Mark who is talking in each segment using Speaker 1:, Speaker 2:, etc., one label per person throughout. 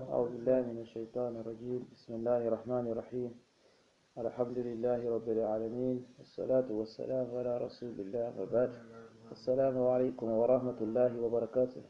Speaker 1: أعوذ بالله من الشيطان الرجيم بسم الله الرحمن الرحيم الحمد لله رب العالمين والصلاة والسلام على رسول الله وبعد السلام عليكم ورحمة الله وبركاته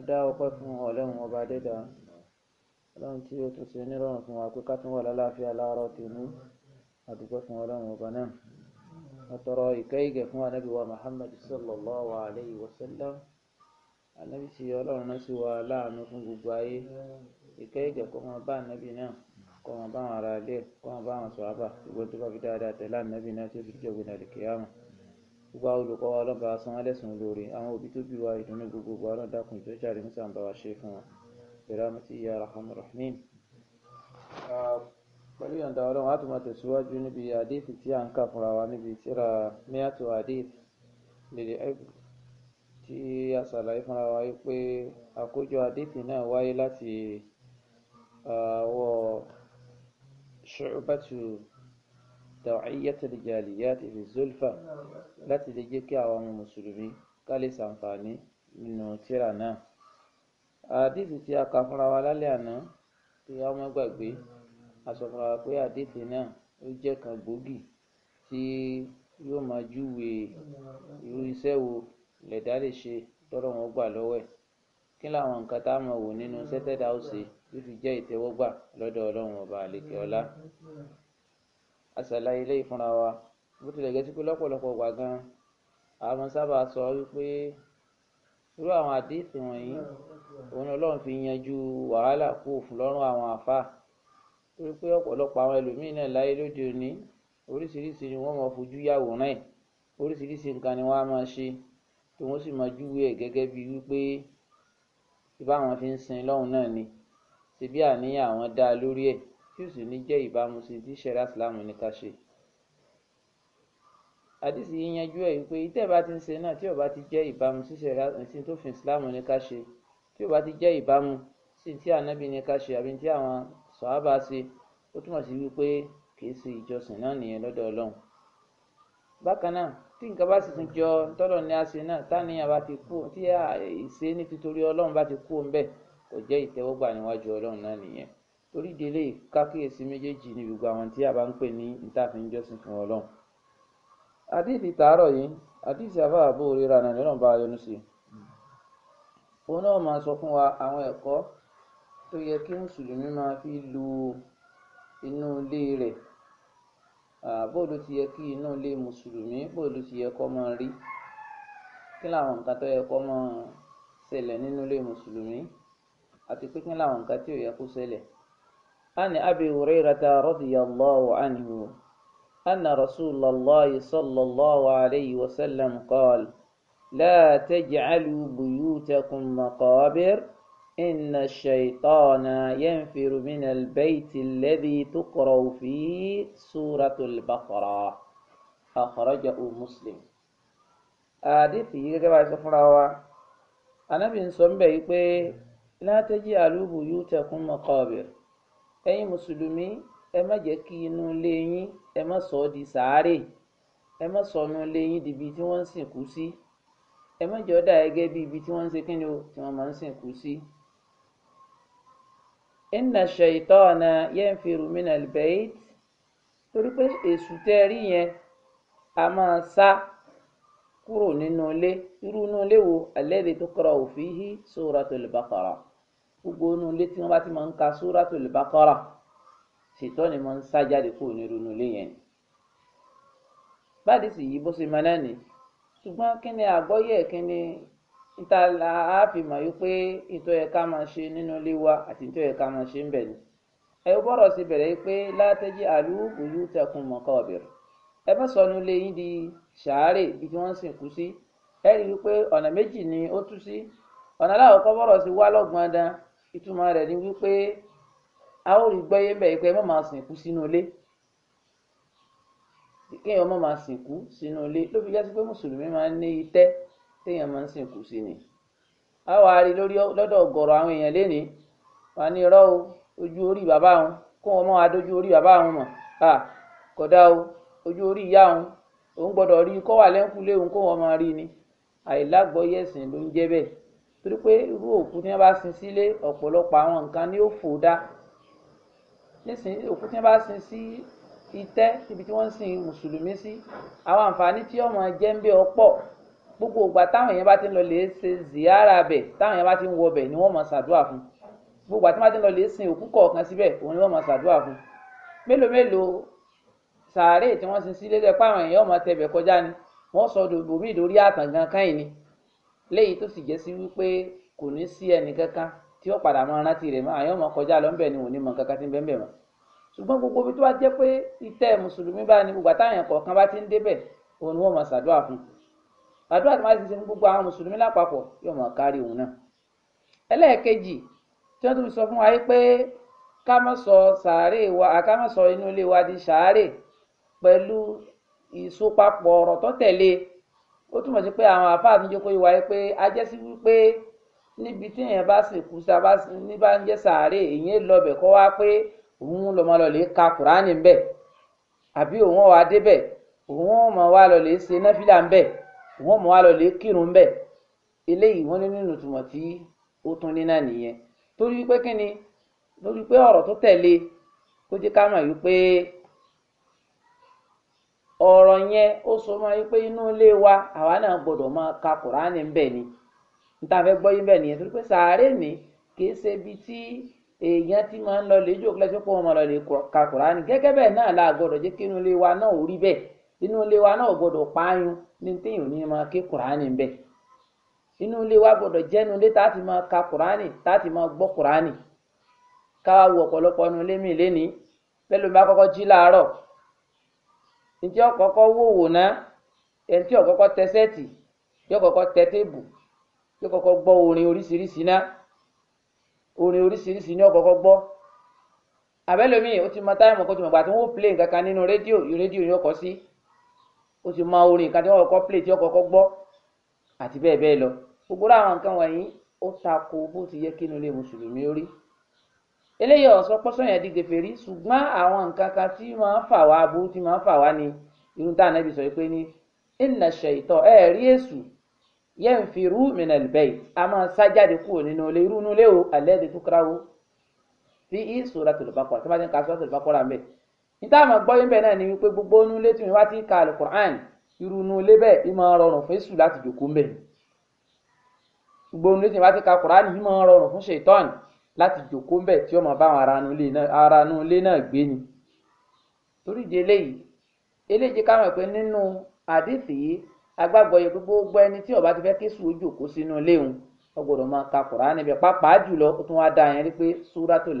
Speaker 1: أدعى وقفهم ولهم وبعد ذا لهم تيو تسيني لهم وعقوقات ولا لا في على راتين أدوكفهم ولهم وبنام أترى إكيك فما نبي ومحمد صلى الله عليه وسلم ànábì tí ọlọ́run rán sí wa láàánú fún gbogbo ayé ìkẹ́ ìjẹ́ kó máa bá ànábì náà kó máa bá àwọn ará ilé kó máa bá àwọn sọ̀hábà gbogbo tó bá fi dáadáa tẹ̀lé ànábì náà tí ó fi jẹ́ ògbìn àlìkìyàmọ̀ gbogbo àwọn olùkọ́ wa ọlọ́ba san ẹlẹ́sìn olóore àwọn òbí tó bí wa ìdùnnú gbogbo wa náà dákun ìjọ jáde ní sàǹbà wa ṣe fún wa bẹ̀rẹ̀ àmì tí ìyá rahman rahim. pẹ̀lú ìyọ̀ǹda ọlọ́run a tún máa tẹ̀síwájú níbi àdéhìí tí à ń kà fúnra wa níbi tíra miato àdéhìí lè tí a ṣàlàyé fúnra wa pé àkójọ àdìsí náà wáyé láti àwọ ṣùgbọ́tù dàwíyàtìlì jàlìyàtì fi zulfa láti lè jẹ́ kí àwọn mùsùlùmí ká lè ṣàǹfààní nínú tírà náà àdìsí tí a kà fúnra wa lálẹ́ àná tí a mọ́ gbàgbé a sọ fúnra wa pé àdìsí náà ó jẹ́ kan gbòógì tí yóò máa júwe irú iṣẹ́ wo lẹ̀dá lè ṣe tọ́rọ̀ wọn gbà lọ́wọ́ ẹ̀ kí làwọn nǹkan tá a máa wò nínú sẹ́tẹ̀dá ó ṣe fi jẹ́ ìtẹ́wọ́gbà lọ́dọ̀ ọlọ́run ọba àlekè ọlá àṣàlàyé ilé ìfúnra wa bó tilẹ̀ gẹ́sí pé lọ́pọ̀lọpọ̀ wà gan àwọn sábà sọ wípé irú àwọn àdéhùn wọ̀nyí òun ọlọ́run fi yanjú wàhálà kú òfin lọ́rùn àwọn àfáà torí pé ọ̀pọ̀lọpọ̀ àwọn ẹlòmíín náà láyé lóde òní oríṣiríṣi ni wọ́n máa fojú yàwòrán ẹ̀ oríṣiríṣi nǹkan ni wọ́n á máa ṣe tí wọ́n sì máa júwe ẹ̀ gẹ́gẹ́ bíi wípé ìbáwọn fi ń sin lọ́hùn náà ni ṣebí àníyàn àwọn dá lórí ẹ̀ tí ò sì ní jẹ́ ìbámu sí tí sẹ́rà ìsìláàmù ní ká ṣe. àdìsí yìí yanjú ẹ̀ wípé ìtẹ́ bá ti ń ṣe náà tí ò bá ti jẹ́ ìbámu sí sẹ́rà sí tó fi ìsìláàmù ní ká ṣe tí ò bá ti jẹ́ ìbámu sí tí ànábì ní ká ṣe àbí tí àwọn sọ̀hábà ṣe ó túmọ̀ sí wípé kì í ṣe ìjọsìn náà nìyẹn lọ́dọ̀ ọlọ́run. bákan náà tí nǹkan bá sì tún jọ tọ́lọ̀ ní àṣẹ náà táníyàn bá ti kú tí ìṣe ní títorí ọlọ́run bá ti kú ń bẹ̀ kò jẹ́ ìtẹ́wọ́gbà níwájú ọlọ́run náà nìyẹn torí délé kákíyèsí méjèèjì ní gbogbo àwọn tí a bá ń pè ní ìtàfíńjọ́sìn fún ọlọ́run. àdìsí tààrọ̀ yìí àdìsí àfáà bó ríra náà lọ́nà bá yọnu sí i òun náà máa sọ fún wa àwọn ẹ̀kọ́ tó yẹ kí mùsùlùmí máa fi lu inú ilé rẹ̀ bóòlù ti yẹ kí iná lé mùsùlùmí bóòlù ti yẹ kó máa rí kí làwọn nǹkan tó yẹ kó máa ṣẹlẹ̀ nínú ilé mùsùlùmí àti pé kí làwọn nǹkan tí ò yẹ kó ṣẹlẹ̀. عن أبي هريرة رضي الله عنه أن رسول الله صلى الله عليه وسلم قال لا تجعلوا بيوتكم مقابر إن الشيطان ينفر من البيت الذي تقرأ فيه سورة البقرة أخرجه مسلم àdìsí yìí gẹ́gẹ́ bá a sọ fúnra wa anábì ń sọ níbẹ̀ yìí pé látẹ́jì àlùbù yóò tẹ̀kún mọ́kàbìr ẹ̀yin mùsùlùmí ẹ má jẹ́ kí inú ilé yín ẹ má sọ ọ́ di sàárè ẹ má sọ inú ilé yín dibi tí wọ́n ń sìnkú sí ẹ má jọ dà gẹ́gẹ́ bí ibi tí wọ́n ń ṣe kíni o tí wọ́n máa ń sìnkú sí. Si inna shaitana yanfiru minal bait torí pé èṣù tẹ ẹ rí yẹn a máa sá kúrò nínú ilé irú inú ilé wo alladhi tuqra'u fihi suratul baqara gbogbo inú ilé tí wọn bá ti máa ń ka suratul baqara ṣètò ni máa ń sá jáde kúrò nínú ilé yẹn báàdì sì yí bó ṣe máa náà ní ṣùgbọ́n kí ni àgbọ́yé kí ni níta la á fi mọ̀ yí pé ìtọ́ yẹ ká máa ṣe nínú ilé wa àti ìtọ́ yẹ ká máa ṣe ń bẹ̀ ni ẹ gbọ́dọ̀ sí bẹ̀rẹ̀ yí pé látẹ́jì àlùkù yóò tẹkùn mọ̀ká ọ̀bẹ̀rẹ̀ ẹ má sọnù ilé yín di ṣàárè ibi tí wọ́n sìnkú sí ẹ rí i pé ọ̀nà méjì ni ó tú sí ọ̀nà aláwọ̀kọ́ bọ̀rọ̀ sí wá lọ́gbọ̀n dan ìtumọ̀ rẹ̀ ni wípé a ó rí gbọ́yé ń bẹ̀ yí pé ẹ má máa máa sìnkú sínú ilé ló fi jẹ́ sí pé mùsùlùmí máa ń ní itẹ́ téèyàn máa ń sìnkú sí ni a wàá rí lórí lọ́dọ̀ ọ̀gọ̀rọ̀ àwọn èèyàn lénìí wà ní irọ́ o ojú orí bàbá wọn kó wọn mọ́ adójú orí bàbá wọn mọ̀ à kódà o ojú orí ìyá wọn òun gbọ́dọ̀ rí kó wà lẹ́ńkùlé òun kó wọn máa rí ni àìlágbọ́yé ẹ̀sìn ló ń jẹ́ bẹ́ẹ̀ torí pé irú òkú tí wọ́n bá sin sílé ọ̀pọ̀lọpọ̀ àwọn nǹkan ni ó fò dá nísìnyí òkú tí wọ́n bá sin sí itẹ́ ibi tí wọ́n sin mùsùlùmí sí àwọn àǹfààní tí ọmọ jẹ́ ń bẹ ọ̀pọ̀ gbogbo ìgbà táwọn èèyàn bá ti ń lọ lè ṣe ziyara bẹ̀ táwọn èèyàn bá ti ń wọ ni wọ́n máa ṣàdúrà fún gbogbo ìgbà tí wọ́n ti ń lọ lè sin òkú kọ̀ọ̀kan síbẹ̀ òun ni wọ́n máa ṣàdúrà fún mélòó mélòó sàárè tí wọ́n sin sílé lẹ́pọ̀ àwọn èèyàn máa tẹ̀bẹ̀ kọjá ni wọ́n sọ dòbòmí ìdórí àtàngàn káyìn ni léyìí tó sì jẹ́ sí wípé kò ní sí ẹnìkankan tí ó padà máa rántí rẹ̀ máa yọ̀ọ́ máa kọjá lọ ńbẹ̀ ni òun ní mọ kankan tí ń bẹ́ẹ̀ mọ́ ṣùgbọ́n gbogbo ibi tó òun ni àdúrà tó máa ti ṣe fún gbogbo àwọn mùsùlùmí lápapọ̀ yóò máa kárí òun náà ẹlẹ́ẹ̀kejì tí wọ́n tún sọ fún wa yìí pé ká má sọ sàárè wa ká má sọ inú ilé wa di sàárè pẹ̀lú ìsopapọ̀ ọ̀rọ̀ tó tẹ̀lé ó túmọ̀ sí pé àwọn àfáà mi jókòó ìwà yìí pé a jẹ́ sí wípé níbi tí èèyàn bá sì kú sa ní bá ń jẹ́ sàárè èèyàn lọbẹ̀ kọ́ wá pé òun lọ́mọ lọ lè ka kùránì ń bẹ̀ àbí òun ọ̀ adébẹ̀ òun ọ̀ mọ̀ wá lọ lè ṣe náfìlà ń bẹ̀ wọ́n mọ̀ wá lọ lè kírun bẹ́ẹ̀ eléyìí ní nínú ìtumọ̀ tí ó tún ní náà nìyẹn torí pé kíni ni pé ọ̀rọ̀ tó tẹ̀lé kó ká pé ọ̀rọ̀ yẹn ó so máa ka kùránì ńbẹ̀ ni níta yín nìyẹn torí pé sàárè kì í ṣe ibi tí èèyàn ti máa ń lọ lè jókòó pé máa lọ lè ka kùránì inú ilé wa náà ò rí inú ilé wa náà gbọ́dọ̀ pààyàn ní téèyàn ní máa ké kùránì ń bẹ inú ilé wa gbọ́dọ̀ jẹ́nu ilé táti máa ka kùránì táti máa gbọ kùránì káwa wo ọ̀pọ̀lọpọ̀ inú ilé mi lénìí pẹ̀lú bá kọ́kọ́ jí láàárọ̀ ntí ọ̀kọ́kọ́ wòwò ná ẹ̀ntí ọ̀kọ́kọ́ tẹ sẹ́ẹ̀tì yóò kọ́kọ́ tẹ téèbù yóò gbọ orin oríṣiríṣi ná orin oríṣiríṣi ní ọ̀kọ́kọ́ abẹ́lómi ó ti mọ táyà gbà nǹkan kan nínú rédíò rédíò yóò Si ó sì máa orin kan tí wọn kọ́kọ́ plé tí wọn kọ́kọ́ gbọ́ àti bẹ́ẹ̀ bẹ́ẹ̀ lọ gbogbo àwọn nǹkan wọ̀nyí ó tako bó ti yẹ kí inú ilé mùsùlùmí ó rí eléyìí ọ̀sán pọ́sọ̀yìn àdìgbèfè rí ṣùgbọ́n àwọn nǹkan kan tí máa ń fà wá aburú tí máa ń fà wá ni irú tá ànábì sọ pé ní ìnà ṣèyítọ́ ẹ rí èṣù yẹn fi rú mìnàlì bẹ́ẹ̀ a máa sá jáde kúrò nínú ilé irú inú ilé o alẹ́ ẹ̀dẹ̀ tó kára o fi ìṣòro àtòlùbákọ̀ àti bá ti ń ka sọ́ọ́ àtòlùbákọ̀ rà mẹ́ẹ̀ níta àmọ́ gbọ́ yín bẹ́ẹ̀ náà ni wípé gbogbo inú ilé tí mi wá ti ka alukur'an irú inú ilé bẹ́ẹ̀ ìmọ̀ rọrùn fún èṣù láti jòkó mbẹ̀ gbogbo inú ilé tí mi wá ti ka kur'an ìmọ̀ rọrùn fún ṣètọ́n láti jòkó mbẹ̀ tí ó máa bá ara inú ilé náà gbé ni torí ìdí eléyìí eléyìí ká mọ̀ pé nínú àdìsí agbábọ̀ yẹ pé gbogbo ẹni tí ó ti fẹ́ kí sùn ojú sínú ilé òun ó máa ka kur'an níbẹ̀ pàápàá jùlọ ó tún wá dá yẹn rí pé Suratul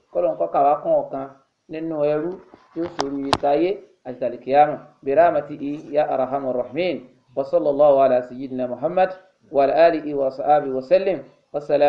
Speaker 1: kọ́lọ́n kọ́ kàwá kún ọ̀kan nínú ẹrú tí ó sòrò ìtayé àti tàlìkìyàmù bi rahmatihi ya arhamar rahimin wa sallallahu ala sayyidina wa ala